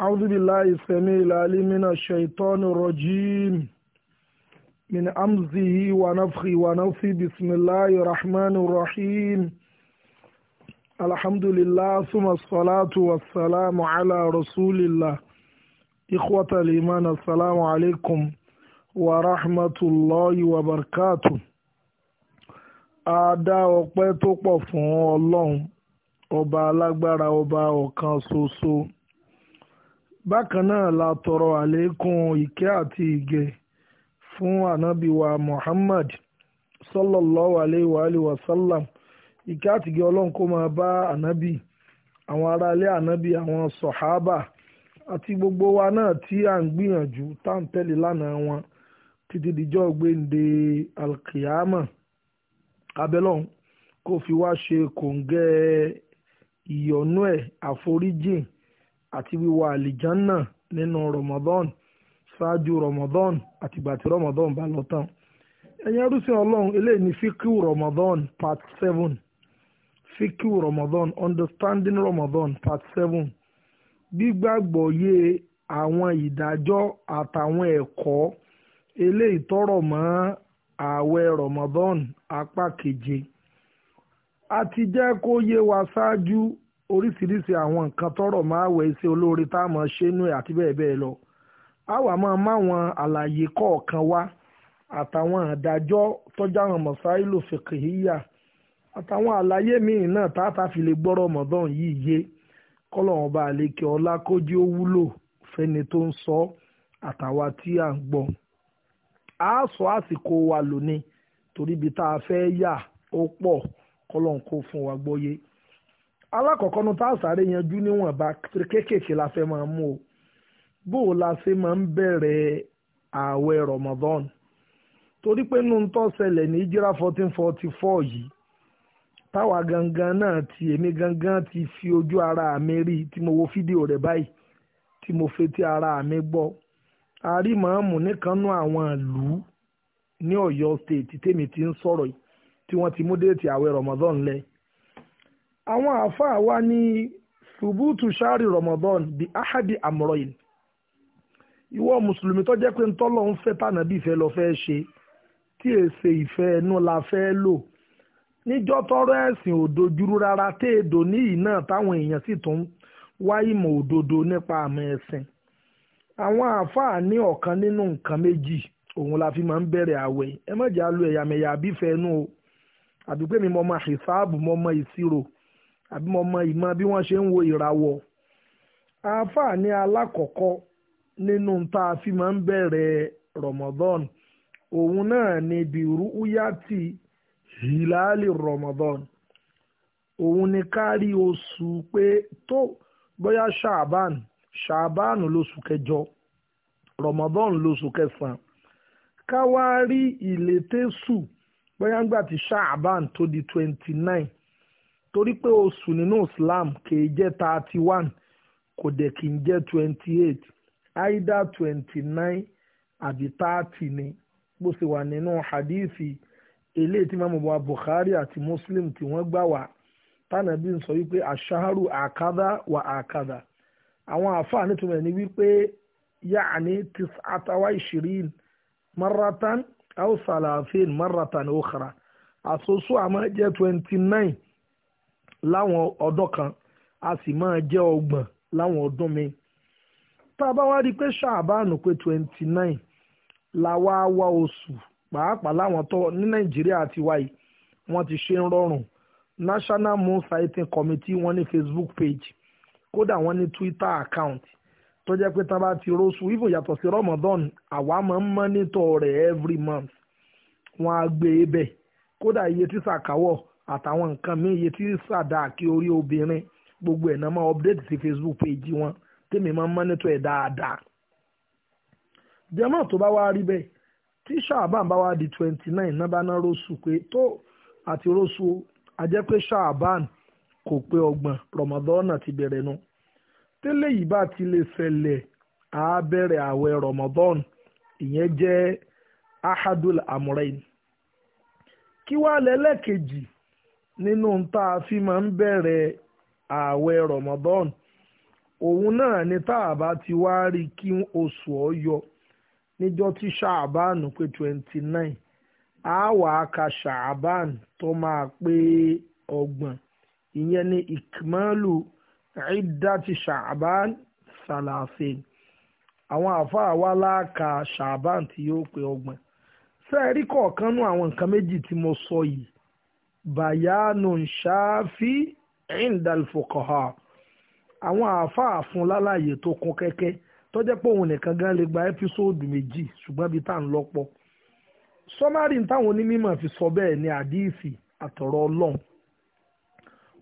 أعوذ بالله السميع العليم من الشيطان الرجيم من أمزه ونفخه ونفخه بسم الله الرحمن الرحيم الحمد لله ثم الصلاة والسلام على رسول الله إخوة الإيمان السلام عليكم ورحمة الله وبركاته ada ọpẹ́ tó pọ̀ fún ọlọ́run ọba alágbára ọba ọ̀kan ṣoṣo bákan náà la tọrọ àlékún ìkẹ́ àti ìgẹ̀ fún ànábì wa Muhammad sallallahu alayhi wa alihi wa sallam ìkẹ́ àti ìgẹ̀ ọlọ́run kó máa bá ànábì àwọn aráalé ànábì àwọn sọ̀hábà àti gbogbo wa náà tí à ń gbìyànjú tá à ń tẹ̀lé lánàá wọn títí dìjọ́ gbéǹde alkiyama abẹ́lọ́hún kó fi wá ṣe kòǹgẹ́ ìyọ́nú ẹ̀ àforíjìn àti wíwọ àlìjánà nínú Ramadan ṣáájú Ramadan àtìgbà tí Ramadan bá lọ tán ẹ̀yin arúsìn ọlọ́run eléyìí ni fíkú Ramadan part seven fíkú Ramadan understanding Ramadan part seven gbígbàgbọ́ yé àwọn ìdájọ́ àtàwọn ẹ̀kọ́ eléyìí tọrọ mọ́ ààwẹ̀ Ramadan apá keje a ti jẹ́ kó yé wa ṣáájú oríṣiríṣi àwọn nǹkan tọrọ máa wẹ̀ iṣẹ́ olóore tá a mọ̀ ṣe nú ẹ̀ àti bẹ́ẹ̀ bẹ́ẹ̀ lọ a wà máa máwọn àlàyé kọ̀ọ̀kan wá àtàwọn àdájọ́ tọ́jà àwọn mọ̀sáìlò fìkìhíyà àtàwọn àlàyé míì náà táàtà fi lè gbọ́rọ̀ mọ̀dán yìí yé kọ́lọ́wọ́n bá àlékè ọlá kójú ó wúlò fẹ́ni tó ń sọ àtàwa tí à ń gbọ́ a sọ àsìkò wa lónìí torí ibi tá a fẹ́ yà ó pọ̀ kọ́lọ́n kó fún wa gbọ́yé alákọ̀ọ́kọ́ nu tá a sáré yanjú níwọ̀nba kéékèèké la fẹ́ máa mú o bó o la ṣe máa ń bẹ̀rẹ̀ ààwẹ̀ Ramadan torí pé nínú tó ṣẹlẹ̀ ní ìjírá fourteen forty four yìí táwa gangan náà ti èmi gangan ti fi ojú ara mi rí tí mo wo fídíò rẹ̀ báyìí tí mo fetí ara mi gbọ́ a rí màámù níkanú àwọn ìlú ní Ọ̀yọ́ state tèmi ti ń sọ̀rọ̀ yìí tí wọ́n ti mú déètì ààwẹ̀ Ramadan lẹ́ẹ̀ àwọn àáfàá wa ní ṣubútù ṣáàrì Ramadan bí ahadi amroin ìwọ mùsùlùmí tó jẹ́ pé ń tọ́lọ̀ ń fẹ́ tànàbí ìfẹ́ lọ fẹ́ ṣe tí èsè ìfẹ́ ẹnu la fẹ́ lò níjọ́ tọrọ ẹ̀sìn òdojúrú rárá téèdò níyì náà táwọn èèyàn sì tún wá ìmọ̀ òdodo nípa àmọ́ ẹ̀sìn àwọn àáfàá ní ọ̀kan nínú nǹkan méjì òun la fi máa ń bẹ̀rẹ̀ àwẹ̀ ẹ má jà ẹ̀yàmẹ̀yà àbífẹ́ ẹnu o àbí mi mọ ọmọ àṣìṣáàbù mọ ọmọ ìṣirò àbí mo mọ ìmọ̀ bí wọ́n ṣe ń wo ìràwọ̀ àáfàá ní alákọ̀ọ́kọ́ nínú tá a fi máa ń bẹ̀rẹ̀ Ramadan òun náà ni bìrú úyàtì hilali Ramadan òun ni kárí oṣù pé tó bóyá ṣaaban ṣaaban lóṣù kẹjọ Ramadan lóṣù kẹsàn-án ká wá rí ìlétésù bóyá ńgbà tí ṣaaban tó di twenty nine torí pé oṣù nínú Islam kìí jẹ́ thirty one kò dẹ̀ kìí jẹ́ twenty eight either twenty nine àbí thirty ni bó ṣe wà nínú hadithi eléyìí tí màmú wa Bukhari àti Muslim tí wọ́n gbà wá tánàbí ń sọ wípé àṣàrù àkàdá wà àkàdá àwọn àáfàá nítorí ẹni wípé yaani tis atawa ishirin maratan aw salafin maratan okhra àsosọ àmọ́ jẹ́ twenty nine láwọn ọdún kan a sì máa jẹ́ ọgbọ̀n láwọn ọdún mi tá a bá wá rí i pé ṣàbánu pé twenty nine la wá wá oṣù pàápàá láwọn tó ní nàìjíríà ti wáyé wọ́n ti ṣe ń rọrùn national moon sighting committee wọ́n ní facebook page kódà wọ́n ní twitter account tó jẹ́ pé tán bá ti róṣù ibo yàtọ̀ sí ramadan àwa máa ń mọ́nítọ̀ rẹ̀ every month wọ́n á gbé e bẹ̀ kódà iye tí sàkáwọ̀ àtàwọn nǹkan míì iye tí sàdá kí orí obìnrin gbogbo ẹ̀ náà máa update sí facebook page wọn tèmi máa ń mọ́nítọ̀ ẹ̀ dáadáa. jẹ́mọ̀ tó bá wá rí bẹ́ẹ̀ tí ṣáàbà bá wá di twenty nine náà bá ná róṣù pé tó àti róṣù ajẹ́ pé ṣáàbà kò pé ọgbọ̀n rọ̀mọ̀dọ́nà ti bẹ̀rẹ̀ nu tẹ́lẹ̀ yìí bá ti lè ṣẹlẹ̀ á bẹ̀rẹ̀ àwẹ̀ rọ̀mọ̀dọ́n ìyẹn jẹ́ ahadul amurain kí wàá lẹ́lẹ́kejì nínú tá a fi máa ń bẹ̀rẹ̀ ààwẹ̀ Ramadan òun náà ni tá ti wá rí kí oṣù ọyọ níjọ́ tí ṣàbánù pé twenty nine a wà á ka ṣàbánù tó máa pé ọgbọ̀n ìyẹn ni ìkìmọ́lù ìdáti ṣàbánù ṣàlàfẹ́ àwọn àfáà wa láàka ṣàbánù tí yóò pé ọgbọ̀n sẹ́ẹ̀rí kọ̀ọ̀kan nú àwọn nǹkan méjì tí mo sọ yìí bayanu ṣáfi indal fuqaha àwọn àáfàá fún lálàyé tó kún kẹ́kẹ́ tó jẹ́ pé òun nìkan gan lè gba ẹ́písòòdù méjì ṣùgbọ́n bíi tá à ń lọ́pọ̀ sọ́márì táwọn onímọ̀ fi sọ bẹ́ẹ̀ ni àdíìsì àtọ̀rọ̀ ọlọ́run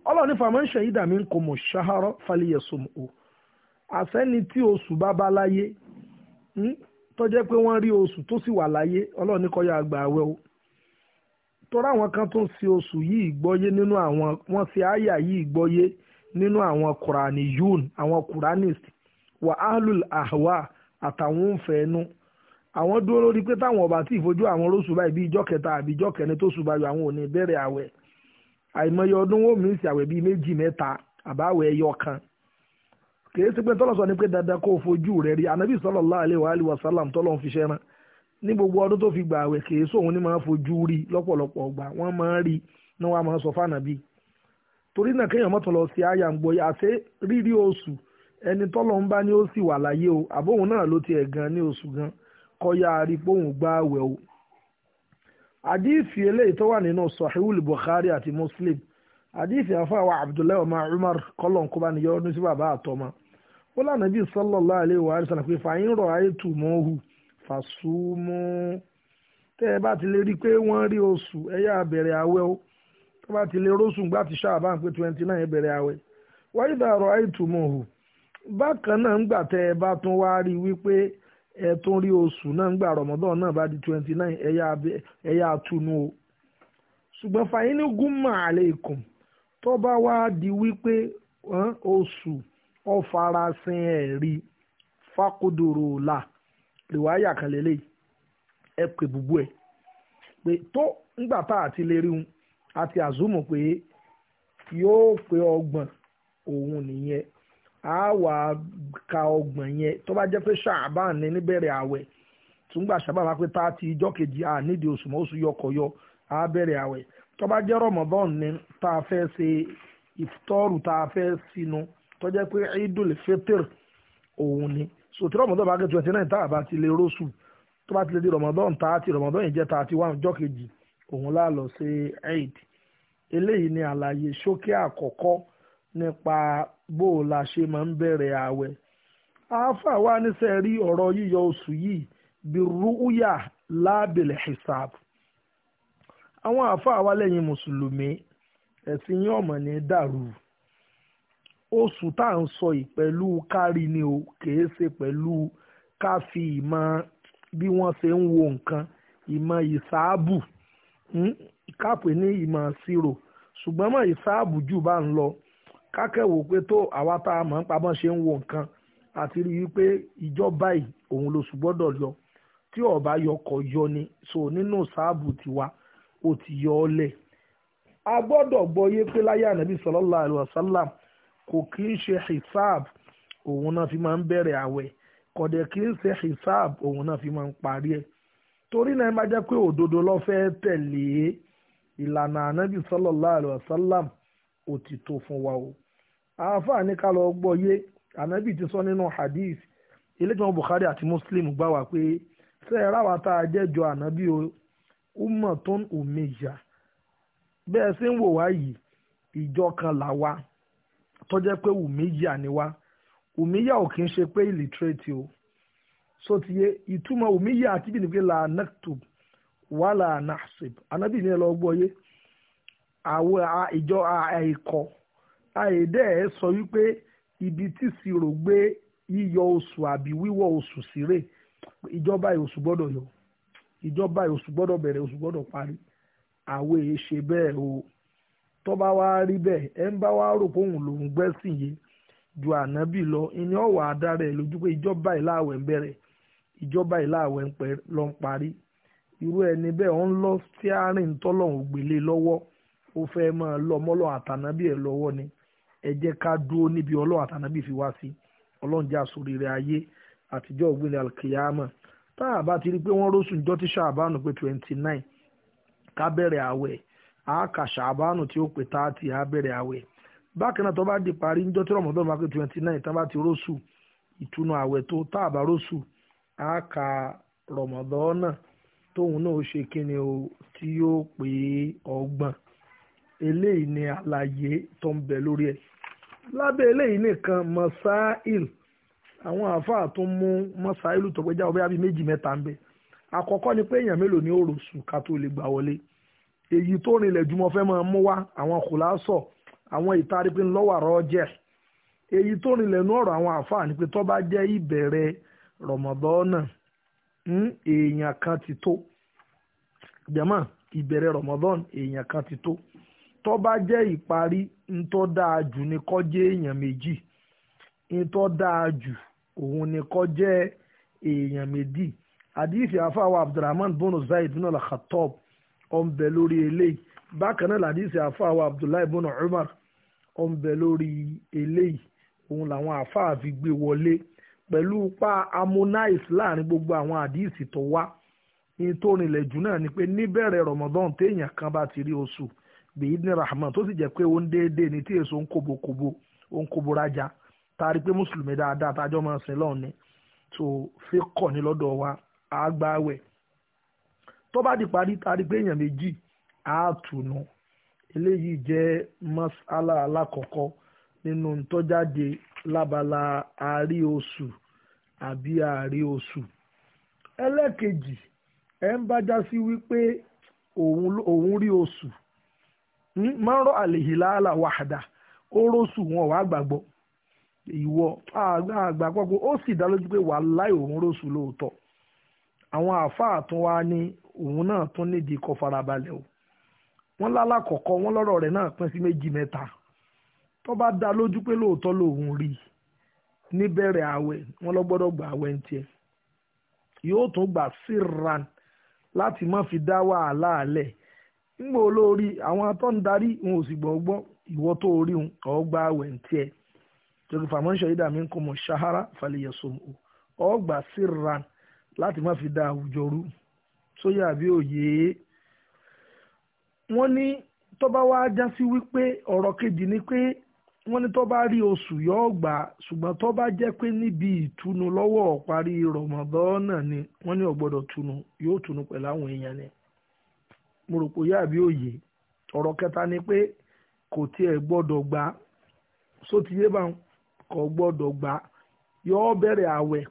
ọlọ́run nípa máa ń ṣe ìdààmú kò mọ̀ ṣáhárọ́ falẹ̀yẹsùn o àsẹ́ni tí oṣù bá bá láyé hmm, tó jẹ́ pé wọ́n rí oṣù tó sì wà láyé ọlọ́run ní kó yá àgbà àwẹ̀ o tọ́ra àwọn kan tó ń ṣe oṣù yìí gbọ́yé nínú àwọn wọ́n ṣe àyà yìí gbọ́yé nínú àwọn kùránì yún àwọn kùránìst wà áhlùl àhwà àtàwọn òǹfẹ́ ẹnu àwọn dúró lórí pé táwọn ọba tí ìfojú àwọn róṣù báyìí bí ìjọ kẹta àbí ìjọ kẹrin tó ṣùgbọ́n àwọn ò bẹ̀rẹ̀ àwẹ̀ àìmọye ọdún wo mí sí àwẹ̀ bíi méjì mẹ́ta àbáwẹ̀ ẹyọ kan kìí sí pé tọ́lọ̀ sọ ni pé dandan kó fojú rẹ̀ rí ànábì sallallahu alaihi wa alihi wa sallam tọ́lọ̀ ń fi ṣẹ́ran ní gbogbo ọdún tó fi gbà àwẹ̀ kìí sóun ní máa fojú rí lọ́pọ̀lọpọ̀ ọgbà wọ́n máa ń rí ní wọ́n á máa sọ fànàbí torí náà kéèyàn mọ́tò lọ sí àyà ń gbọ́yà àti rírí oṣù ẹni tọ́lọ́ ń bá ní ó sì wà láyé o àbóhùn náà ló tiẹ̀ gan ní oṣù gan kọ́yà àrípòhùn gbá àwẹ̀ o. àdìsí eléyìí tó wà nínú sahihul Bukhari àti Muslim àdìsí àfàwà Abdullahi ọmọ Umar kọlọ̀n kó bá níyọ́ ọdún sí bàbá àtọ́mọ. ó lànà bíi sallallahu alaihi wa sallam pé fàṣùmù tẹ́ ẹ bá ti lè rí i pé wọ́n rí oṣù ẹ yá bẹ̀rẹ̀ àwẹ̀ o tẹ́ bá ti lè róṣù gbà ti ṣáàbà pé twenty nine ẹ bẹ̀rẹ̀ àwẹ̀ wáyé dàrọ̀ àìtùmọ̀hù bákan náà ńgbà tẹ́ ẹ bá tún wá rí i wípé ẹ tún rí oṣù náà ńgbà rọ̀mọ́dọ̀ náà bá di twenty nine ẹ yá tunu o ṣùgbọ́n fàyínní gúnmọ̀ àlẹ́kùn tó bá wá di wípé oṣù ọ̀farasin ẹ̀rí fákòdòrò là le wa ya kan lele e pe bubu e pe to ngba ta ati le a ti azumo pe yo pe ogbon ohun niyan a wa ka ogbon yen to ba sha pe shaban ni ni bere awe tun gba shaban ba pe 30 ijo keji a ni de osu mo osu yoko yo a bere awe to ba je ramadan ni ta fe se iftoru ta fe sinu to pe idul fitr ohun ni so ti rọmọdọ́n bá gé twenty nine tá a bá ti lè róṣù tó bá ti lè di jẹ́ ọjọ́ kejì òun la lọ sí eid eléyìí ni àlàyé sókè àkọ́kọ́ nípa bó o la ṣe máa ń bẹ̀rẹ̀ ààwẹ̀ àáfà wa níṣẹ́ rí ọ̀rọ̀ yíyọ oṣù yìí bí rúúyà hisab àwọn àáfà wa lẹ́yìn mùsùlùmí ẹ̀sìn yín ọ̀mọ̀ dàrú oṣù tá à ń sọ yìí pẹ̀lú kárí ni o kìí ṣe pẹ̀lú ká fi ìmọ̀ bí wọ́n ṣe ń wo nǹkan ìmọ̀ ìsáàbù hmm, kápẹ́ ní ìmọ̀ ṣírò ṣùgbọ́n mọ̀ ìsáàbù jù bá ń lọ kákẹ́wò pé tó àwa tá a mọ̀ ń pa ṣe ń wo nǹkan àti rí i pé ìjọba yìí òun ló sùn yọ tí ọba yọkọ yọ ni so nínú sáàbù tiwa ó ti yọ ọ lẹ̀ a gbọ́dọ̀ gbọ́ yé pé láyé ànábì sallallahu alaihi kò kí ń ṣe hisab òun náà fi máa ń bẹ̀rẹ̀ àwẹ̀ kọ̀dẹ̀ kí ń ṣe hisab òun náà fi máa ń parí ẹ̀ torí náà má jẹ́ pé òdodo ló fẹ́ tẹ̀lé ìlànà ànábì sallallahu alaihi wasallam ó ti tó fún wa o àáfàá ní ká lọ gbọ́ yé ànábì ti sọ nínú hadith iléeṣẹ́ Bukhari àti Muslim gbà wá pé ṣe é ráwa tá a jẹ́jọ ànábì o ummatun umeya bẹ́ẹ̀ sì ń wò wá yìí ìjọ kan làwa tó jẹ́ pé wùmíyà ni wá ò kì í ṣe pé illiterate o so ti yé ìtumọ̀ wùmíyà àti la naktub wàhálà nahsib anábì ní ẹ lọ gbọ́ yé àwọn ìjọ àìkọ àìdẹ́ ẹ sọ wípé ibi tí sírò gbé yíyọ oṣù àbí wiwo oṣù sírè ìjọba oṣù yọ ìjọba oṣù gbọdọ oṣù gbọdọ parí ṣe o. tó bá wá rí bẹ́ẹ̀ ẹ ń bá wá rò póun lòún gbẹ́sìn yé ju ànábì lọ ìní ọ̀wà adára ẹ̀ lójú pé ìjọba ìláàwẹ̀ ń bẹ̀rẹ̀ ìjọba ìláàwẹ̀ ń pẹ́ lọ ń parí irú ẹni bẹ́ẹ̀ ń lọ síárìn tọ́lọ́hún gbélé lọ́wọ́ ó fẹ́ máa lọ mọ́lọ́ àtànábì ẹ̀ lọ́wọ́ ni ẹ jẹ́ ká dúró níbi ọlọ́ àtànábì fi wá sí ọlọ́run já sórí rẹ̀ ayé àtijọ́ ògbìnrin alkiyama tá a bá ti rí pé wọ́n rósùn jọ́tíṣà àbánu pé twenty nine ká bẹ̀rẹ̀ àwẹ̀ Aka ṣàbánù tí ó pè tá a ti àbẹ̀rẹ̀ àwẹ̀ bákan náà tó bá di parí ń jọ́tí rọ̀mọ́dọ́n bá pé twenty nine tá a bá ti róṣù ìtúnu àwẹ̀ tó tá a bá róṣù àáka rọ̀mọ́dọ́n náà tóun náà ṣe kíni o tí yóò pé ọgbọ̀n eléyìí ni àlàyé tó ń bẹ lórí ẹ̀ lábẹ́ eléyìí nìkan mọ̀sáìl àwọn àáfàá tó mú mọ̀sáìlù tó pé jáwọ́ bẹ́ẹ̀ méjì mẹ́ta ń bẹ àkọ́kọ́ ni pé èèyàn mélòó ni ó rò ká tó lè gbà wọlé èyí tó rìnlẹ̀ jùmọ̀ fẹ́ máa mú wá àwọn kòláṣọ̀ àwọn ìtarí pé ńlọ́wà rọ́jẹ̀ èyí tó rìnlẹ̀ nú ọ̀rọ̀ àwọn àfáà ni pé tó bá jẹ́ ìbẹ̀rẹ̀ rọ̀mọ̀dọ́nà hmm, èèyàn kan ti tó jẹ́mọ̀ ìbẹ̀rẹ̀ rọ̀mọ̀dọ́n èèyàn kan ti tó tó bá jẹ́ ìparí ńtọ́ dáa jù ni kó jẹ́ èèyàn méjì ńtọ́ dáa jù òun ni kó jẹ́ èèyàn méjì àdìsí àfáà wa Abdulrahman bono Zaid bin al-Khattab ọ̀nbẹ lórí eléyìí bákan náà làdísì àfáàwọ̀ abdullahi ibn umar ọ̀nbẹ lórí eléyìí òun làwọn àfáà fi gbé wọlé pẹ̀lú pa harmonize láàrin gbogbo àwọn àdísì tó wá ní tó rinlẹ̀ náà ni pé níbẹ̀rẹ̀ ramadan téèyàn kan bá ti rí oṣù bèyídìní rahman tó sì jẹ́ pé ó ń déédéé ní tí èso ń kóbokóbo ó ń kóboraja taari pé mùsùlùmí dáadáa tájọ́ máa ń sin lọ́hùn tó fi kọ̀ ní lọ́dọ̀ wa àgbáwẹ̀ tó bá di parí tari pé èèyàn méjì á tùnú eléyìí jẹ́ masala alákọ̀ọ́kọ́ nínú ntọ́jáde lábala àárí oṣù àbí àárí oṣù ẹlẹ́kejì ẹ̀ ń bá já sí wípé òun rí oṣù hmm, máa ń rọ àlèhìláàlà ó wọn wàá gbàgbọ́ ìwọ àgbà pọ́pọ́ ó sì dá lójú pé òun náà tún nídìí kọ farabalẹ̀ o wọ́n lálàkọ̀kọ́ wọ́n lọ́rọ̀ rẹ̀ náà pín sí méjì mẹ́ta tó bá dá lójú pé lóòótọ́ lòun rí níbẹ̀rẹ̀ àwẹ̀ wọ́n lọ gbọ́dọ̀ gba àwẹ̀ ń tiẹ̀ yóò tún gbà síran láti má fi dá wàhálà ala ńgbà olórí àwọn atọ́ ń darí wọn ò sì gbọ́gbọ́ ìwọ tó rí ọ̀ gba àwẹ̀ ń tiẹ̀ fàmọ́ṣọ́ yìí dàmí ń láti má fi dá àwùjọ rú sóyè àbí òye wọ́n ní tó bá wá já sí wípé ọ̀rọ̀ kejì ni pé wọ́n ní tó rí oṣù yọ gbà ṣùgbọ́n tó jẹ́ pé níbi ìtùnú lọ́wọ́ parí ni wọ́n ní ọ̀gbọ́dọ̀ túnú yóò túnú pẹ̀lú ni mo rò pé yá àbí òye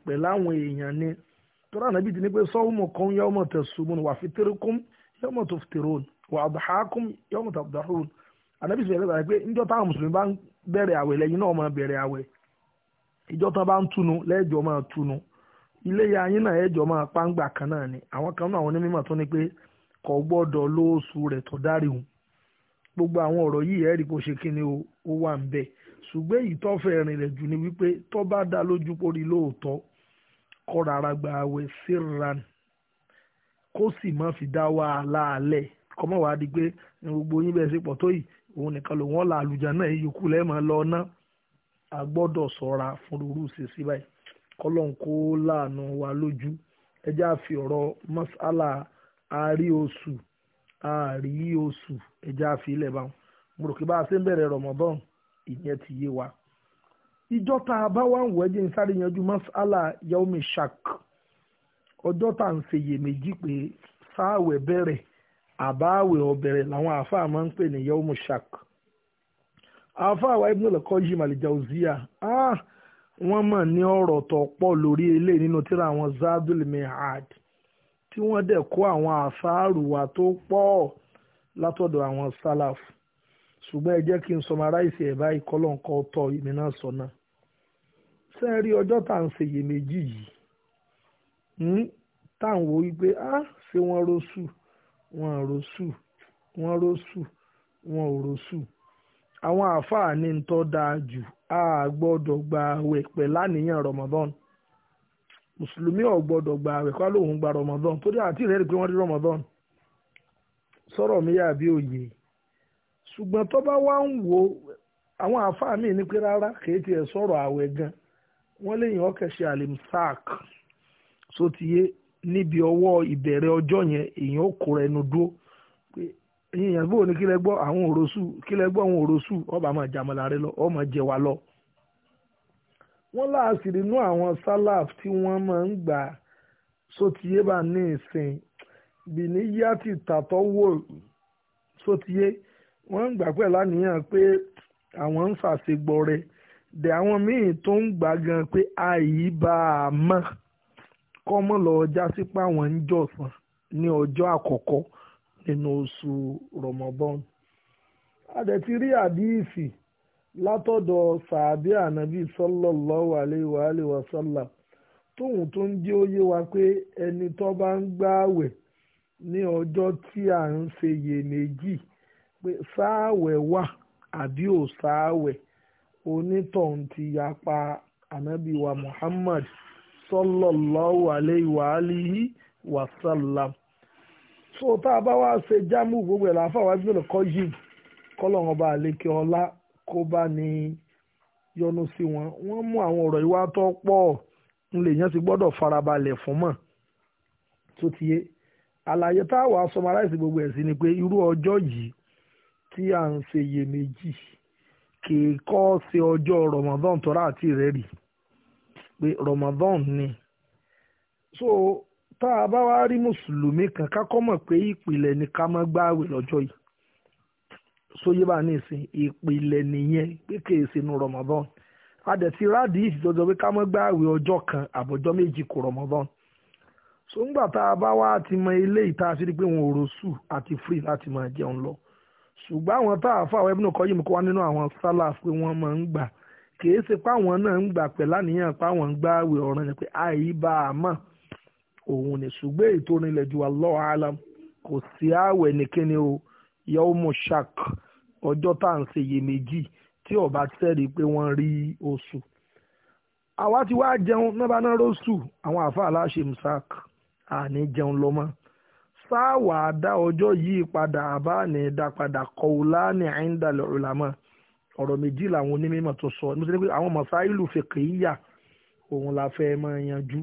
èèyàn ni tọ́lá nàbí ti ní ụmụ sọ́wọ́mọ̀ kan yá ọmọ tẹ̀sùmọ́n wà fi tẹ́rẹ́kùn yá ọmọ tó fi ya wà àdàkùn yá ọmọ tó fi dàrún ànábì sọ̀rọ̀ ẹ̀rọ pé níjọ́ táwọn mùsùlùmí bá ń bẹ̀rẹ̀ àwẹ̀ lẹ́yìn náà máa bẹ̀rẹ̀ àwẹ̀ ìjọ́ tán ni àwọn kan àwọn onímọ̀ tó ní pé kò gbogbo àwọn yìí ṣe kí ni ó kó rárá gba àwẹ̀ síran kó sì má fi dá wàhálà alẹ̀ kọ́ mọ̀ wàá di pé gbogbo yín bẹ́ẹ̀ sí pọ̀ tó yìí òun nìkan ló wọ́n là àlùjá náà lọ ná a gbọ́dọ̀ sọ́ra fún rúurú ṣèṣì báyìí kọ́lọ́n kó láàánú wa lójú ẹjẹ́ àfi ọ̀rọ̀ mọ́sálà àárí oṣù àárí oṣù ẹjẹ́ àfi ilẹ̀ báwọn mo rò bá a ṣe wa. ìjọ tá a bá wà ń wẹ́jẹ̀ ń sáré yanjú masala yaomi shak ọjọ́ tá à ń ṣèyèméjì pé sáàwẹ̀ bẹ̀rẹ̀ àbáwẹ̀ ọ̀bẹ̀rẹ̀ làwọn àáfàá máa ń pè ní yaomi shak àáfàá wa ibùdó lọ́kọ́ yìí màlìjà òzíà wọ́n mọ̀ ní ọ̀rọ̀ tó pọ̀ lórí eléyìí nínú tíra àwọn zadul mihad tí wọ́n dẹ̀ kó àwọn àṣàrù wa tó pọ̀ látọ̀dọ̀ àwọn sálàfù ṣùgbọ́n ẹ jẹ́ kí n summarize ẹ̀ báyìí kọ́lọ́ǹkọ́ tọ́ èmi náà sọ náà ṣé ẹ rí ọjọ́ tá à ń ṣèyèméjì yìí tá à ń wo wípé á ṣé wọ́n rosù wọ́n rosù wọ́n rosù wọ́n ò rosù àwọn àáfàá ní ń tọ́ dáa jù á gbọ́dọ̀ gba àwẹ̀ pẹ̀ Ramadan mùsùlùmí ò gbọ́dọ̀ gba àwẹ̀ gba Ramadan torí pé wọ́n rí Ramadan sọ̀rọ̀ mi yà bí òye ṣùgbọ́n tó bá wá ń wo àwọn àáfàá mi ní pé rárá kìí tiẹ̀ sọ̀rọ̀ ààwẹ̀ gan wọ́n lè yàn ọkẹ́ ṣe alimsaak sotiye níbi ọwọ́ ìbẹ̀rẹ̀ ọjọ́ yẹn èèyàn ó kó ẹnu dúró pé ẹ̀yin èèyàn bò ní kí lẹ gbọ́ àwọn òrosù kí lẹ gbọ́ àwọn òrosù ọba máa jà mọ́lá rẹ lọ ọ jẹ wa lọ. wọ́n láàsì nínú àwọn sálàf tí wọ́n máa ń gbà sotiye bá ní ìsìn bìníyàtì tàtọ́wò sotiye wọ́n ń gbà pẹ̀ láníyàn pé àwọn ń ṣàṣegbọrẹ dẹ̀ àwọn míì tó ń gbà gan pé àyíbá a mọ̀ kọ́mọ́ lọ jásí pé àwọn ń jọ̀sán ní ọjọ́ àkọ́kọ́ nínú oṣù rọmọbọ́n adẹ̀tí rí àdíìsì látọ̀dọ̀ sàábí ànábì sallallahu alaihi wa alihi wa sallam tóun tó ń jẹ́ òye wa pé ẹni tó bá ń gbààwẹ̀ ní ọjọ́ tí à ń ṣe iyèméjì pé sáàwẹ̀ wà àbí ò sáàwẹ̀ onítọ̀hún ti yapa ànábì wa Muhammad sallallahu alayhi wa alihi wa sallam so tá a bá wá ṣe jámù gbogbo ẹ̀ láfàwá bí wọ́n kọ́ yìí kọ́lọ́run ọba àlékè ọlá kó bá ní yọ́nú sí wọn wọ́n mú àwọn ọ̀rọ̀ ìwà tó pọ̀ ń yẹn ti gbọ́dọ̀ farabalẹ̀ fún mọ̀ tó ti àlàyé tá sọmaráìsì gbogbo ẹ̀ sí ni pé irú ọjọ́ yìí tí à ń ṣe iyèméjì kì í kọ́ ṣe ọjọ́ Ramadan tọ́ra àti rẹ̀ pe pé Ramadan ni so tá a bá wá rí mùsùlùmí kan kákọ́ mọ̀ pé ìpìlẹ̀ ni ká má gbààwẹ̀ lọ́jọ́ yìí sóyè bá ní ìpìlẹ̀ nìyẹn pé kì í ṣe Ramadan adẹ̀tí yìí pé ká má ọjọ́ kan àbọ̀jọ́ méjì Ramadan so ńgbà tá a bá mọ pé wọn ò rò sùn àti free láti ṣùgbọ́n àwọn tá a fà wọ́n ẹbínú kọ́ yìí mú kó wá nínú àwọn sálàf pé wọ́n máa ń gbà kìí ṣe páwọn náà ń gbà pẹ̀ láníyàn páwọn ń gbà àwẹ̀ ọ̀ràn yẹn pé àì bá a mọ̀ òun ni ṣùgbọ́n èyí tó rinlẹ̀ jù wallahu alam kò sí àwẹ̀ nìkíni o yawmu shak ọjọ́ tá à ń ṣe iyèméjì tí ọba tẹ́rì pé wọ́n rí oṣù àwa ti wá jẹun náà bá náà rọ́ṣù àwọn àfa aláṣẹ mùsàk àní jẹun lọ́mọ́ sáàwà dá ọjọ́ yìí padà àbá ní dá padà kọ̀ọ̀lá ní àyíndàlẹ̀ ọ̀làmọ́ ọ̀rọ̀ méjì làwọn onímọ̀ tó sọ ní sẹ́ni pé àwọn mọ̀sáìlù fìkìyà òun la fẹ́ máa yanjú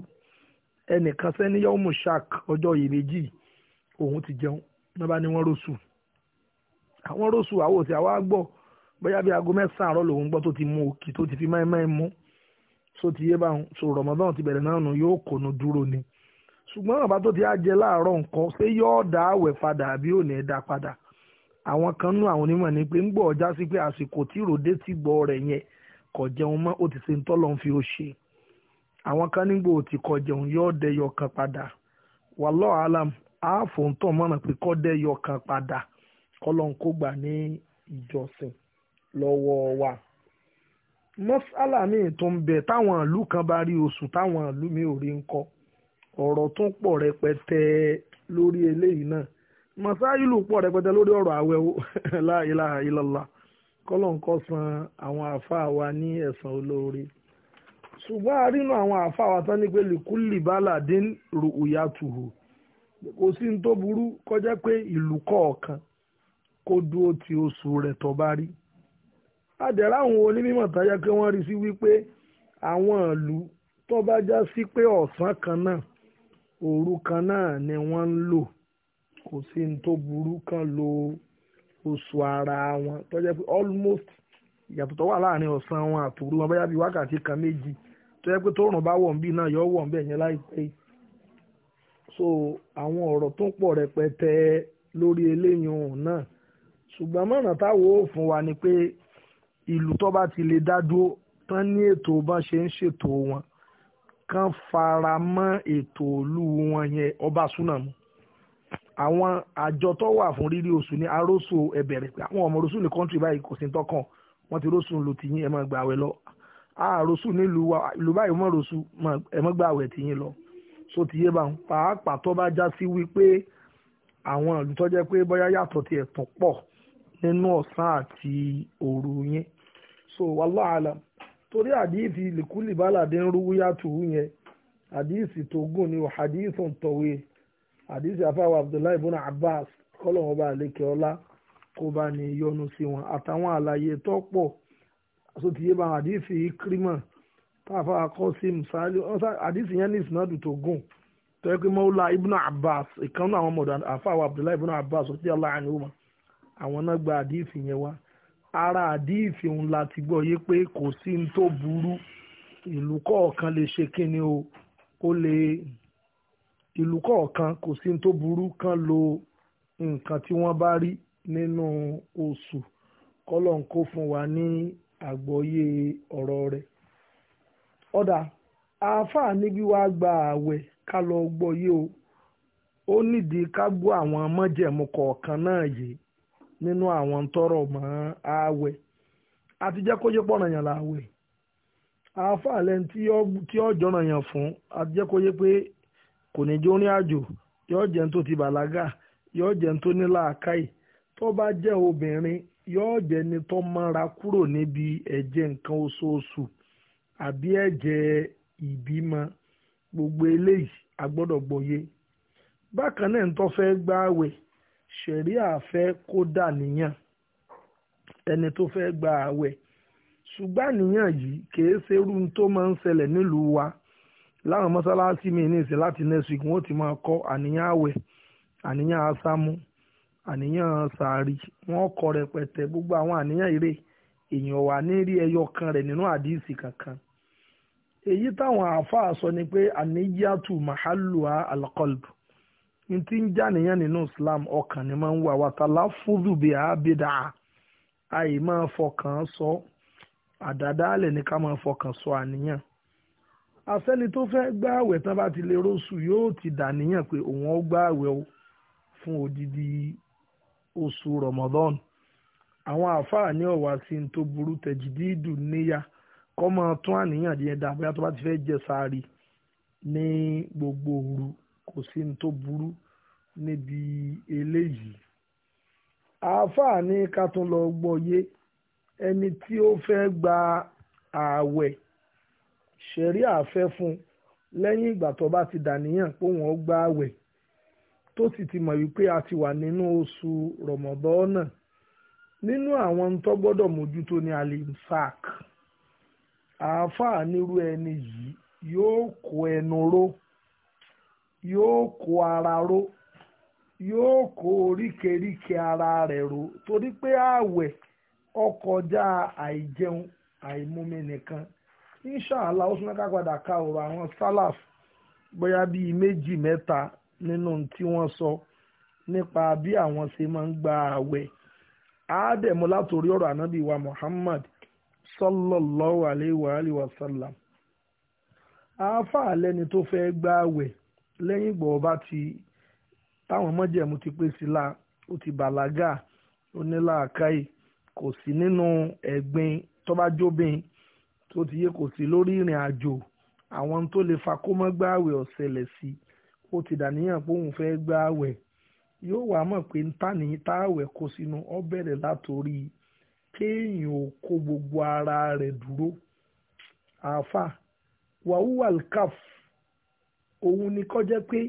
ẹnìkan sẹ́ni yọ́mù shark ọjọ́ yìí méjì òun ti jẹun ní bá ní wọ́n rọ́ṣù àwọn rọ́ṣù àwọn òsì àwọn àgbọ̀ bóyá bí aago mẹ́sàn-án àárọ̀ lòun gbọ́ tó ti mú òkì tó ti fi máìmáì mú so ti yé báwọn Ramadan ti bẹ̀rẹ̀ náà nù yóò kónú dúró ni ṣùgbọ́n bàbá tó ti á jẹ láàárọ̀ nǹkan ṣé yóò dá àwẹ̀ padà àbí ò ní dá padà àwọn kan nú àwọn onímọ̀ ni pé ń gbọ́ ọjà sí pé àsìkò tí ròdé ti gbọ́ rẹ̀ yẹn kò jẹun mọ́ ó ti ṣe ń tọ́lọ́ fi ó ṣe àwọn kan nígbò tí kò jẹun yóò dẹyọ kan padà wallahu alam àáfò ń tàn mọ́nà pé kọ́ dẹyọ kan padà kọ́lọ́n kó gbà ní ìjọsìn lọ́wọ́ wa. mọ́sálà míì tó ń bẹ táwọn ìlú kan bá rí oṣù táwọn ìlú mi ò rí ń ọ̀rọ̀ tún pọ̀ rẹpẹtẹ lórí eléyìí náà masáyìlú pọ̀ rẹpẹtẹ lórí ọ̀rọ̀ àwẹ̀ la ilaha illallah san àwọn àáfàá wa ní olóore ṣùgbọ́n a àwọn àáfàá wa tán ní pé lìkúlì kò sí ní tó burú kọjá pé ìlú kọ̀ọ̀kan kó dúró ti oṣù rẹ̀ bá rí àwọn onímọ̀ táyà pé wọ́n rí sí wípé àwọn ìlú tó bá já òru kan náà ni wọ́n ń lò kò sí ní tó burú kan lo oṣù ara wọn tó jẹ́ pé almost ìyàtọ̀ tó wà láàrin ọ̀sán wọn àtòru wọn bóyá bíi wákàtí kan méjì tó jẹ́ pé tó rùn bá wọ̀ ń bí náà yọ wọ̀ ń yẹn láìpẹ́ so àwọn ọ̀rọ̀ tó ń pọ̀ rẹpẹtẹ lórí eléyìí ọ̀hún náà ṣùgbọ́n mọ̀ràn táwọn ò fún wa ni pé ìlú tó bá ti lè dá dúró tán ní ètò bá ṣe ń ṣètò wọn kan fara mọ́ ètò òlu wọn yẹn ọba súnà mu àwọn àjọ tó wà fún rírí oṣù ní arósù ẹbẹ̀rẹ̀ pé àwọn ọmọ rosu ní kọ́ńtì báyìí kò sí tọkàn wọn ti rosu lò tìyín ẹ máa gbà wẹ̀ lọ àròsù nílùú wa ìlú báyìí mọ̀ rosu ẹ máa gbà tìyín lọ so tìyẹ bá ń pàápàá tó bá já sí wípé àwọn ìlú tó jẹ́ pé bóyá yàtọ̀ tiẹ̀ tún pọ̀ nínú ọ̀sán àti òru yẹn so wàhálà torí àdíìsì lìkúlì bálàdé ń rúwúyà tùú yẹn àdíìsì tó gùn ni àdíìsì ń tọ̀wé àdíìsì afáwọ̀ abdullahi ibùnà abbas kọ́lọ́wọ́n bá àlékè ọlá kó bá ní yọnu sí wọn àtàwọn àlàyé tó pọ̀ àsòtìyé bá àdíìsì kírímọ̀ táàfà akọ́sìm sáálí àdíìsì yẹn ní ìsìnàdù tó gùn tó yẹ pé mọ́wúlá ibùnà abbas ìkànnì àwọn mọ̀dàn afáwọ̀ abdullahi ibùnà abbas ọ̀tí ara àdíìfì òun la ti gbọ́ yé pé kò sí ní tó burú ìlú kọ̀ọ̀kan lè ṣe kíni o ó lè ìlú kọ̀ọ̀kan kò sí ní tó burú kan lo nǹkan tí wọ́n bá rí nínú oṣù kọ́lọ̀ fún wa ní àgbọ́yé ọ̀rọ̀ rẹ̀ ọ̀dà àáfàá níbi wàá gba ààwẹ̀ ká lọ gbọ́yé o ó nídìí ká gbọ́ àwọn mọ́jẹ̀mú kọ̀ọ̀kan náà yìí nínú àwọn tọrọ mọ́ ààwẹ̀ àti a kó yé pọ̀nà yàn láàwẹ̀ àáfàá lẹ́ni tí ó jọ̀nà yàn fún àti jẹ́ kó yé pé kò ní jó ní àjò yóò jẹun tó ti bàlágà yóò je tó ní làákàyè tó bá jẹ́ obìnrin yóò jẹ́ ni tó mọ́ra kúrò níbi ẹ̀jẹ̀ nǹkan oṣooṣù àbí ẹ̀jẹ̀ ìbímọ gbogbo eléyìí a gbọ́dọ̀ gbọ́yé bákan náà ń tó fẹ́ gbààwẹ̀ ṣẹ̀ríà fẹ́ kó dà níyàn ẹni tó fẹ́ gba ààwẹ̀ ṣùgbọ́n àníyàn yìí kìí ṣe irú tó máa ń ṣẹlẹ̀ nílùú wa láwọn mọ́sálásí mi ní ìsìn láti next week wọ́n ti máa kọ́ àníyàn ààwẹ̀ àníyàn asámú àníyàn sàárì wọ́n kọ rẹpẹtẹ gbogbo àwọn àníyàn eré èèyàn wà ní rí ẹyọ kan rẹ̀ nínú àdíìsì kankan èyí táwọn àáfàá sọ ni pé àníyàtù màhálùwà alqalb n ti ń jàníyàn nínú Islam ọkàn ni máa ń wà wàtàlá fúdù bíi àbídà àì máa fọkàn sọ àdàdálẹ̀ ní ká máa fọkàn sọ àníyàn asẹ́ni tó fẹ́ gba àwẹ̀ tán bá ti lè róṣù yóò ti dàníyàn pé òun ó gba àwẹ̀ o fún odidi oṣù Ramadan àwọn àáfàá ní ọ̀wá sí ní tó burú tẹ̀jìdídù níyà kọ́ máa tún àníyàn yẹn dà bóyá tó bá ti fẹ́ jẹ sáárì ní gbogbo òru kò sí ní tó burú níbi eléyìí àáfàá ni ká tún lọ gbọ́yé ẹni tí ó fẹ́ gba ààwẹ̀ ṣẹ̀rí àfẹ́ fún lẹ́yìn ìgbà tó bá ti dàníyàn pé wọ́n gba ààwẹ̀ tó sì ti mọ̀ wípé a ti wà nínú oṣù rọ̀mọ̀dọ́nà nínú àwọn tó gbọ́dọ̀ mójútó ní alimsak àáfàá nírú ẹni yìí yóò kó ẹnu ró yóò kó ara ró yóò kó oríkèéríkèé ara rẹ̀ ro torí pé ààwẹ̀ ọkọjá àìjẹun àìmumi nìkan inshàlá ó súnmọ́ ká padà ka ọ̀rọ̀ àwọn sálàf bóyá bíi méjì mẹ́ta nínú tí wọ́n sọ nípa bí àwọn ṣe máa ń gba ààwẹ̀ àádẹ́mu látòrí ọ̀rọ̀ ànábì wa Muhammad sallallahu alayhi wa alayhi wa sallam àáfàá lẹ́ni tó fẹ́ gba ààwẹ̀ lẹ́yìn ìgbà ọba ti táwọn mọ́jẹ̀mú ti pé sí la ó ti bàlágà ó ní làákàyè kò sí nínú ẹ̀gbin tó bá jóbin tó ti yé kò sí lórí ìrìn àjò àwọn tó lè fa kó mọ́ gbààwẹ̀ ọ̀sẹ̀lẹ̀ sí ó ti dàníyàn pé òun fẹ́ gbààwẹ̀ yóò wá mọ̀ pé ntàní táwẹ̀ kó sínú ọ bẹ̀rẹ̀ látòrí kéèyàn ò kó gbogbo ara rẹ̀ dúró àáfà wàhùwà òun ni kọjá pé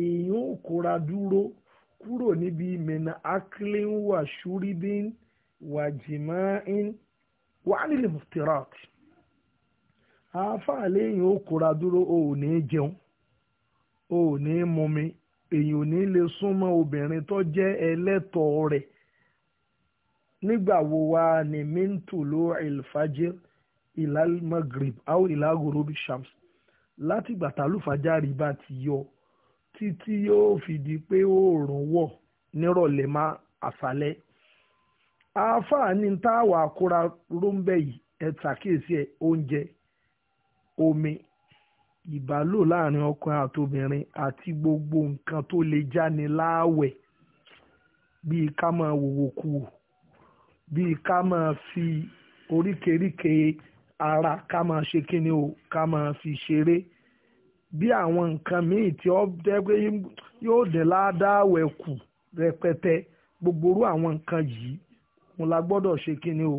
èèyàn ò kóra dúró kúrò níbi mẹ́nà akílín wà ṣúríbín wà jìmáín wà nílẹ̀ muftirat àáfàá lẹ́yìn ò kóra dúró o ò ní jẹun o ò ní mumi èèyàn ò ní lè súnmọ́ obìnrin tó jẹ́ ẹlẹ́tọ̀ọ́ rẹ̀ nígbà wo wa ni mintu lo ilfajir ilal magrib aw ilagorobi shams láti gbàtà lùfàjárì bá ti yọ títí yóò fi di pé oòrùn wọ̀ nírọ̀lẹ́ má àṣálẹ́ àáfàá ní táwa àkúra róńbẹ́ yìí ẹ ṣàkíyèsí ẹ oúnjẹ omi ìbálò láàrin ọkùnrin àtobìnrin àti gbogbo nǹkan tó lè jáni láàwẹ̀ bíi ká máa wòwò bíi ká máa fi oríkèéríkèé ara ká máa ṣe kíni o ká máa fi ṣeré bí àwọn nǹkan míì tí ó jẹ́ pé yóò dín ládàáwẹ̀ kù rẹpẹtẹ gbogbo orú àwọn nǹkan yìí òun la gbọ́dọ̀ ṣe kíni o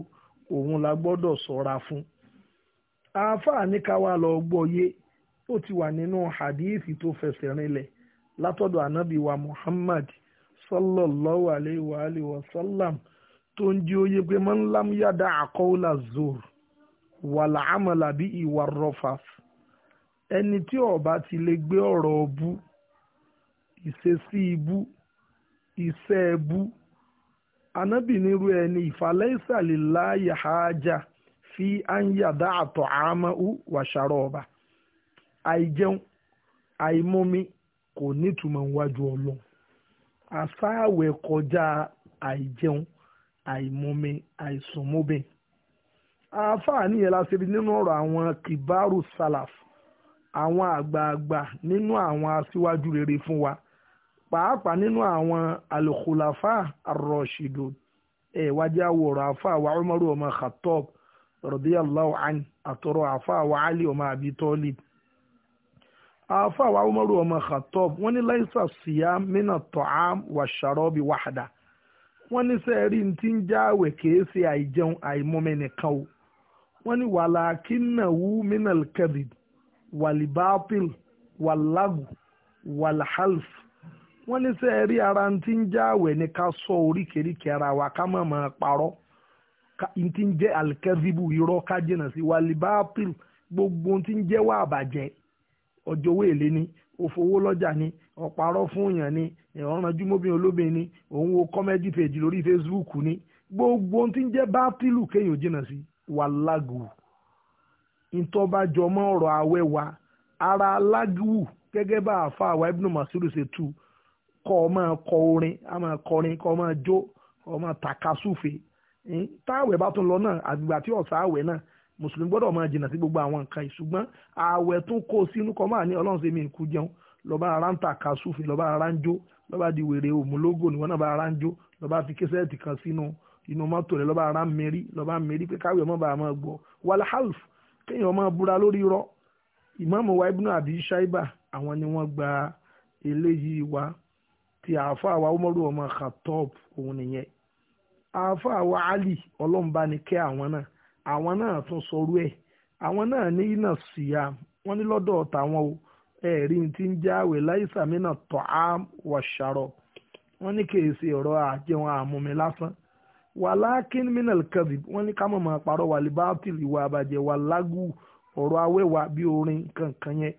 òun la gbọ́dọ̀ sọ̀ra fún. àáfàá ní ká wá lọ ó ti wà nínú hadith tó fẹsẹ̀ rinlẹ̀ látọ̀dọ̀ wa Muhammad alayhi wa alayhi wa sallam tó ń jí oyé pé àkọ́wọ́lá zor wàlàámàlà bí ìwà rọ́fàfù ẹni tí ọba ti lè gbé ọ̀rọ̀ ọbú ìṣesí ibú iṣẹ́ ẹbú anábìnirú ẹni ìfàlẹ́ ìsàlẹ̀ láàyè hájà fi ànyàdá àtọ̀ àmọ́ wàṣàrọ̀ ọba àìjẹun àìmọ́mi kò nítumọ̀ níwájú ọlọ́run àfáàwẹ̀ kọjá àìjẹun àìmọ́mi àìsùnmọ́bẹ̀ àfáà nìyẹn la ṣe bí nínú ọ̀rọ̀ àwọn kìbárù sálàfù àwọn àgbààgbà nínú àwọn aṣíwájú rere fún wa pàápàá nínú àwọn alukulafa arọ̀ṣìdò ẹ̀ wájú àwòrán afa wa umaru ọmọ khatob radiyallahu an àtọ̀rọ̀ afa wa ali ọmọ abi tolib afa wa umaru ọmọ khatob wọ́n ní laisa siyam mina ta'am wa sharobi wahda wọ́n ní sẹ́ẹ̀rí ti ń jáwèé kìí àìjẹun àìmọ́mẹ́nìkan o wọ́n ní wàlàkínà wú wàlìbápìl wàlágù wàlhálf wọn ní sẹ rí ara ń ti ń já ni ká sọ oríkèéríkèé ara wa ká má máa parọ́ ń ti ń ká gbogbo ń ti ń jẹ́ wà ni òfowó ni ọparọ fún èèyàn ni ọ̀rànjú mọ́bìnrin olóbìnrin ni òun wo ni gbogbo ń ti ń ìtọ́bájọmọ́ ọ̀rọ̀ àwẹ̀ wa ara alágùwù gẹ́gẹ́ bá àfa àwa ibùdó masiru ṣe tú kọ́ ọ máa kọ orin a máa kọrin kọ́ ọ máa jó kọ́ ọ máa tàkasúfe táwẹ̀ bá tún lọ náà àgbègbè àti ọ̀sà àwẹ̀ náà mùsùlùmí gbọ́dọ̀ máa jìnnà sí gbogbo àwọn nǹkan ìṣùgbọ́n àwẹ̀ tún kó sínú kọ́ máa ní ọlọ́run ṣe mí kú jẹun lọ́ba ara ń tàkasúfe lọ́ba ara ń jó lọ́ba di wèrè òmùlógò níwọ̀n náà bá ara ń jó lọ́ba fi késẹ́ẹ̀tì kan sínú inú mọ́tò rẹ̀ lọ́ba ara ń mérí lọ́ba ń pé káwé ọmọ bàá máa gbọ́ wàlá hálf kéèyàn máa búra lórí irọ́ ìmáàmù wa ibùnú àbí ṣáíbà àwọn ni wọ́n gba eléyìí wa ti aafọ wa umaru ọmọ khatob òun nìyẹn àáfàá wa ali ọlọ́mùbá ni kẹ́ àwọn náà àwọn náà tún sọrú ẹ̀ àwọn náà ní iná síyá wọ́n ní lọ́dọ̀ tàwọn o ẹ̀rí ti ń jáwèé láìsàmínà tọ́ àm wọ́n ní ọ̀rọ̀ àjẹun àmúmi lásán wàlákín minal kadhib wọ́n ní ká mọ̀ máa parọ́ wà libatil ìwà àbàjẹ́ wà lágù ọ̀rọ̀ awẹ́wà bí orin kankan yẹn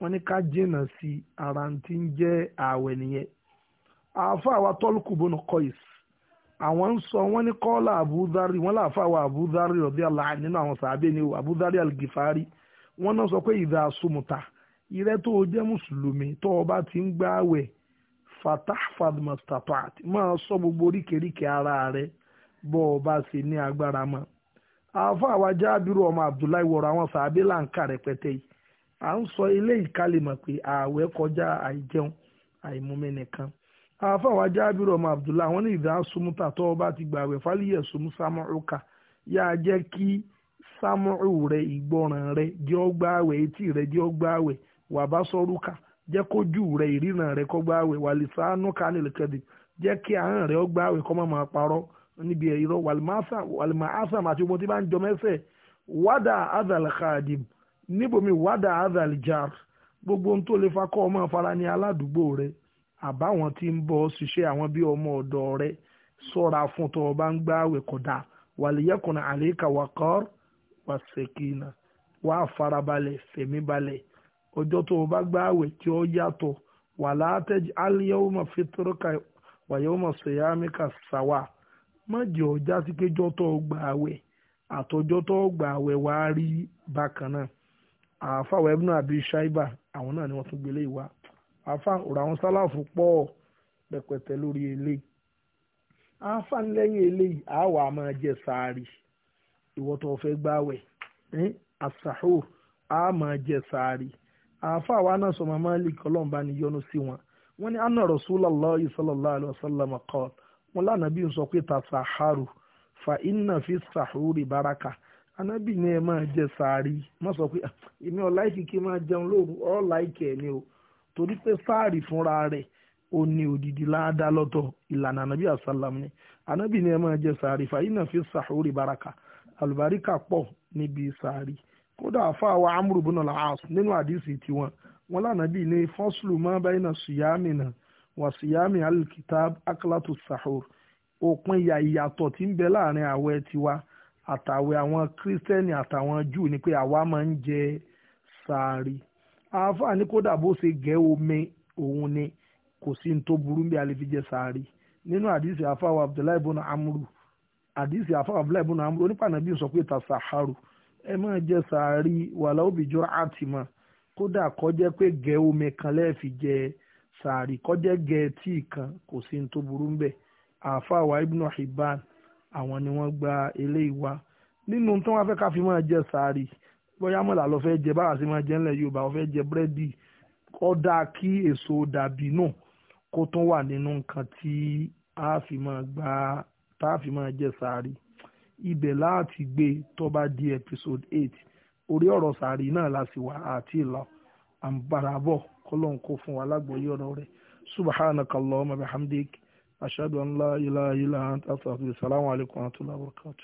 wọ́n ní ká jìnnà sí ara tí ń jẹ́ ààwẹ̀ nìyẹn. àáfàá wa tọ́lùkù bọ́nà kọ́ìs àwọn ń sọ wọ́n ní kọ́lá àbúdárì wọ́n láàfàá wa àbúdárì ọ̀dẹ́ àlá nínú àwọn sàábẹ́ ni àbúdárì àlgìfárì wọ́n náà sọ pé ìdá asumuta ìrẹ́ tó o jẹ́ mùsùlùmí tó o bá ti ń gbààwẹ̀ fatah fadmastapat máa sọ gbogbo oríkèéríkèé ara rẹ̀ bọ́ ọ bá ṣe ní agbára mọ́ àáfà àwa jábìrú ọmọ abdullahi wọ̀rọ̀ àwọn sàábé là ń kà rẹpẹtẹ yìí à ń sọ ilé ìkálẹ̀mọ̀ pé ààwẹ̀ kọjá àìjẹun àìmumi nìkan àáfà àwa jábìrú ọmọ abdullahi wọn ní ìdá sumuta tó bá ti gbà wẹ̀ fálíyẹ̀ sumu samuel kà yáa jẹ́ kí samuel rẹ ìgbọràn rẹ jẹ́ ó gbààwẹ̀ etí rẹ jẹ́ ó gbààwẹ̀ wàbá sọ́rùkà jẹ́ kójú rẹ ìríran rẹ kó gbààwẹ̀ wàlìsánú kanilkẹ́dì jẹ́ kí ahọ́n rẹ ó gbààwẹ̀ kó má máa parọ́ níbi ẹ̀rọ wàlmáàsà àti ogun tí bá ń jọ mẹ́sẹ̀ wádà azal khadim níbòmí wádà azal jar gbogbo ohun tó lè fa kọ́ ọmọ afárá ní aládùúgbò rẹ àbáwọn tí ń bọ́ ṣiṣẹ́ àwọn bí ọmọ ọ̀dọ́ rẹ sọ́ra fún tó o bá ń gbáwẹ̀ kódà wàlíyẹ́kùn àlékà wàkọ́r wàṣẹ̀kìnà wà á farabalẹ̀ fẹ̀mí ọjọ́ tó o bá gbáwẹ̀ tí ó yàtọ̀ wàlá tẹ́jú aliyahuma fitrika wàyahuma sèyámíkà sàwà. má jẹ́ ọjà sí kéjọ́ tó gbà àwẹ̀ àtọ́jọ́ tó àwẹ̀ wá rí bákan náà àáfàá wẹ́bù náà àbí ṣáíbà àwọn náà ni wọ́n tún gbélé ìwà àáfàá ọ̀rọ̀ àwọn sálàfù pọ̀ pẹ̀pẹ̀tẹ̀ lórí eléyìí àáfàá lẹ́yìn eléyìí àáwà máa jẹ sáárì ìwọ tó fẹ́ gbàwẹ̀ àṣàhó a máa jẹ sáárì àáfàá wa náà sọ màmá lè kọ́ lọ́nba ni yọnu sí wọn wọ́n ní anna rasulallah alayhi wa wọn lánàá bí n sọ pé ta saharu fa inna fi sahuri baraka anábì ni ẹ máa jẹ sáárì má sọ pé ah, èmi ọ̀la ìkíkí máa jẹun lóru ọ̀la ìkẹ́ ni o torí pé sáárì fúnra rẹ̀ ó ní òdìdí láàdá lọ́tọ̀ ìlànà anábì àsálàm ni anábì ni ẹ máa jẹ sáárì fa inna fi sahuri baraka àlùbáríkà pọ̀ níbi sáárì kódà àfáà wa amúrùbùnà làásù nínú àdìsí tiwọn wọn lánàá bí ní fọ́sùlù má báyìí náà sùyàmì náà wàsíyámi alikitab aklatu sahur òpin ìyà ìyàtọ̀ tí ń bẹ láàrin àwẹ̀ tiwa àtàwẹ̀ àwọn kírísítẹ́nì àtàwọn júù ni pé àwa máa ń jẹ sàárì àáfàá ní kódà bó ṣe gẹ́ omi òun ni kò sí ní tó burú bí a lè fi jẹ sàárì nínú àdìsí àfáwọ abdullahi ibn amru àdìsí àfáwọ abdullahi ibn amru onípànàbí sọ pé tasaharu ẹ máa jẹ sàárì wàhálà òbíjọ àtìmọ kódà kọjẹ pé gẹ́ omi kan lẹ́ẹ̀fi jẹ sàárì sàárì kọjẹ́ gẹ̀ẹ́tì kan kò sí ní tó burú ń bẹ̀ àáfàá wa ibnu hibban àwọn ni wọ́n gba eléyìí wá nínú tí wọ́n fẹ́ ká fi máa jẹ sàárì bóyá mọ̀lá lọ fẹ́ jẹ báwa sí máa jẹ ńlẹ̀ yorùbá wọ́n fẹ́ jẹ búrẹ́dì kọ́dà kí èso dàbí náà kó tún wà nínú nǹkan tí a fi máa gba tá a fi máa jẹ sàárì ibẹ̀ láti gbé tó di episode eight orí ọ̀rọ̀ sàárì náà la sì wà àti ìlà àǹbarabọ̀ kọ́lọ́n kó fún wa lágbóyé ọ̀rọ̀ rẹ̀ subhanaka allahumma bihamdik ashhadu an la ilaha illa anta astaghfiruka wa alaykum wa rahmatullahi wa barakatuh.